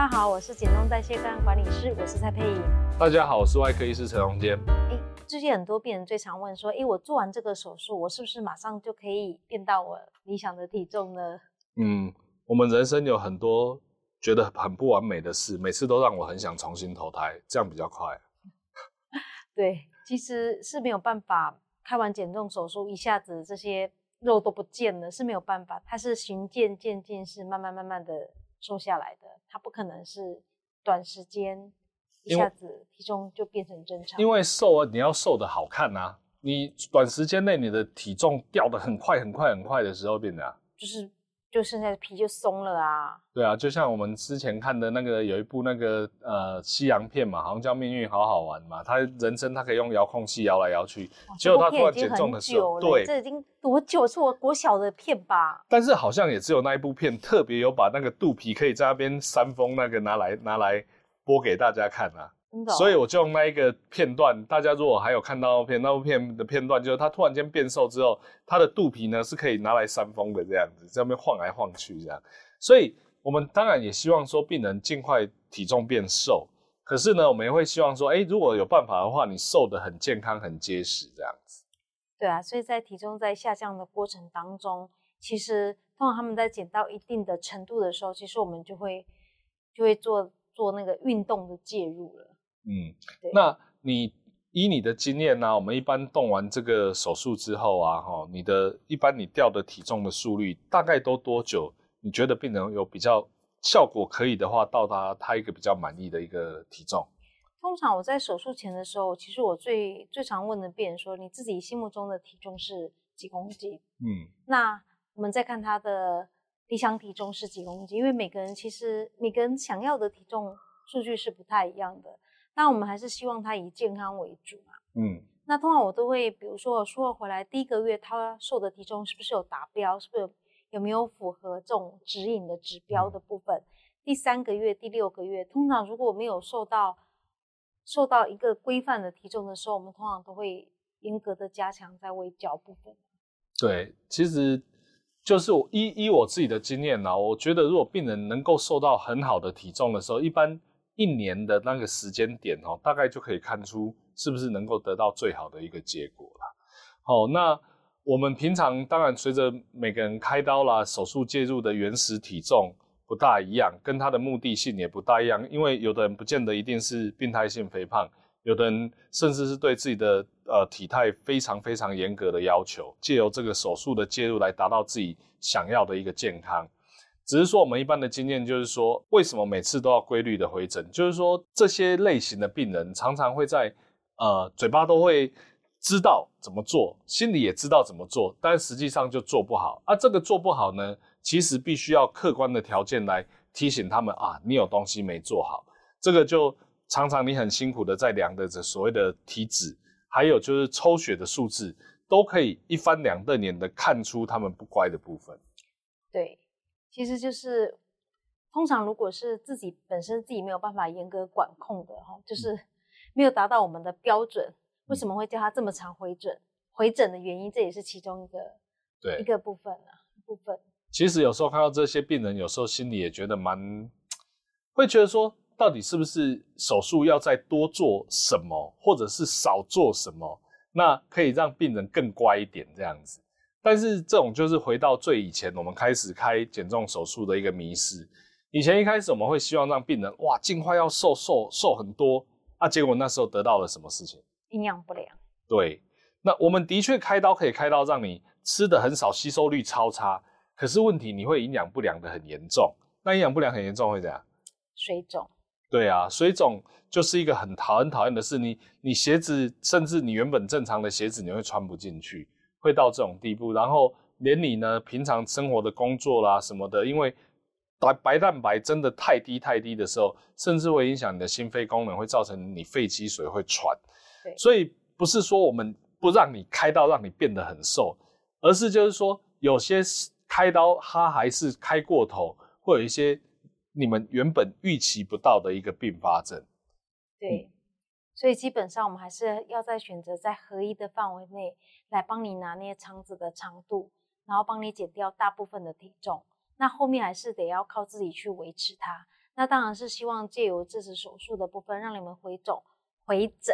大家、啊、好，我是減重代謝個管理師，我是蔡沛穎。大家好，我是外科醫師陳榮堅。最近很多病人最常問說，欸、我做完這個手術，我是不是馬上就可以變到我理想的體重呢？嗯，我們人生有很多覺得很不完美的事，每次都讓我很想重新投胎，這樣比較快。對，其實是沒有辦法開完減重手術，一下子這些肉都不見了，是沒有辦法，它是循漸進式，慢慢慢慢的。瘦下來的，他不可能是短時間一下子因為體重就變成正常。因為瘦啊，你要瘦的好看啊，你短時間內你的體重掉的很快，很快，很快的時候變的，就是。就剩下的皮就鬆了啊！對啊，就像我們之前看的那個有一部那個呃西洋片嘛，好像叫《命運好好玩》嘛。他人生他可以用遙控器搖來搖去，啊、這結果他突然減重的時候，對，這已經多久是我國小的片吧？但是好像也只有那一部片特別有把那個肚皮可以在那邊扇風，那個拿來拿來播給大家看啊。哦、所以我就用那一個片段，大家如果還有看到那片那部片的片段，就是他突然間變瘦之後，他的肚皮呢是可以拿來扇風的這樣子，在那邊晃來晃去這樣。所以我們當然也希望說病人盡快體重變瘦，可是呢，我們也會希望說，哎、欸，如果有辦法的話，你瘦得很健康、很結實這樣子。對啊，所以在體重在下降的過程當中，其實通常他們在減到一定的程度的時候，其實我們就會就會做做那個運動的介入了。嗯，對。那你以你的經驗呢、啊？我們一般動完這個手術之後啊，哈、哦，你的一般你掉的體重的速率大概都多久？你覺得病人有比較效果可以的話，到達他，他一個比較滿意的一個體重？通常我在手術前的時候，其實我最最常問的病人說：“你自己心目中的體重是幾公斤？”嗯，那我們再看他的理想體重是幾公斤？因為每個人其實每個人想要的體重數據是不太一樣的。那我們還是希望他以健康為主嘛。嗯，那通常我都會，比如說術後回來第一個月，他瘦的體重是不是有達標？是不是有，有沒有符合這種指引的指標的部分？嗯、第三個月、第六個月，通常如果沒有瘦到瘦到一個規範的體重的時候，我們通常都會嚴格的加強在衛教部分。對，其實就是我依依我自己的經驗啊，我覺得如果病人能夠瘦到很好的體重的時候，一般。一年的那個時間點哦，大概就可以看出是不是能夠得到最好的一個結果了。好，那我們平常當然隨着每個人開刀啦，手術介入的原始體重不大一樣，跟他的目的性也不大一樣，因為有的人不見得一定是病態性肥胖，有的人甚至是對自己的呃體態非常非常嚴格的要求，借由這個手術的介入來達到自己想要的一個健康。只是說，我們一般的經驗就是說，為什麼每次都要規律的回診？就是說，這些類型的病人常常會在，呃，嘴巴都會知道怎麼做，心裡也知道怎麼做，但實際上就做不好。啊，這個做不好呢，其實必須要客觀的條件來提醒他們啊，你有東西沒做好。這個就常常你很辛苦的在量的這所謂的體脂，還有就是抽血的數字，都可以一翻兩瞪眼的看出他們不乖的部分。對。其實就是，通常如果是自己本身自己沒有辦法嚴格管控的哈，就是沒有達到我們的標準，為什麼會叫它這麼常回診？回診的原因，這也是其中一個，對，一個部分啊，部分。其實有時候看到這些病人，有時候心裡也覺得蠻，會覺得說，到底是不是手術要再多做什麼，或者是少做什麼，那可以讓病人更乖一點，這樣子。但是這種就是回到最以前，我們開始開減重手術的一個迷思。以前一開始我們會希望讓病人哇，盡快要瘦瘦瘦很多，啊，結果那時候得到了什麼事情？營養不良。對，那我們的確開刀可以開刀，讓你吃得很少，吸收率超差。可是問題你會營養不良的很嚴重。那營養不良很嚴重會怎樣？水腫。對啊，水腫就是一個很討很討厭的事。你你鞋子，甚至你原本正常的鞋子，你會穿不進去。會到這種地步，然後連你呢，平常生活的工作啦什麼的，因為白白蛋白真的太低太低的時候，甚至會影響你的心肺功能，會造成你肺積水會喘。對所以不是說我們不讓你開刀讓你變得很瘦，而是就是說有些開刀它還是開過頭，會有一些你們原本預期不到的一個併發症。對。所以基本上，我們還是要在選擇在合一的範圍內來幫你拿捏腸子的長度，然後幫你減掉大部分的體重。那後面還是得要靠自己去維持它。那當然是希望借由這次手術的部分，讓你們回腫、回診，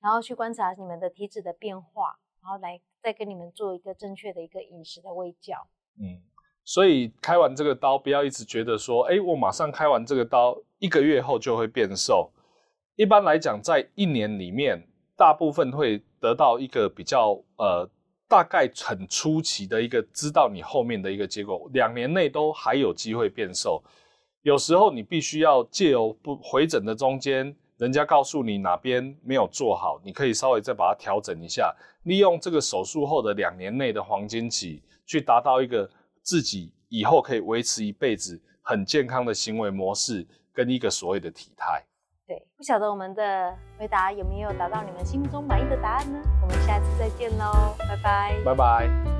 然後去觀察你們的體質的變化，然後來再跟你們做一個正確的一個飲食的衛教。嗯，所以開完這個刀，不要一直覺得說，哎，我馬上開完這個刀，一個月後就會變瘦。一般來講，在一年裡面，大部分會得到一個比較呃，大概很初期的一個知道你後面的一個結果。兩年內都還有機會變瘦。有時候你必須要借由不回診的中間，人家告訴你哪邊沒有做好，你可以稍微再把它調整一下，利用這個手術後的兩年內的黃金期，去達到一個自己以後可以維持一輩子很健康的行為模式跟一個所謂的體態。對，不曉得我們的回答有沒有達到你們心目中滿意的答案呢？我們下次再見嘍，拜拜，拜拜。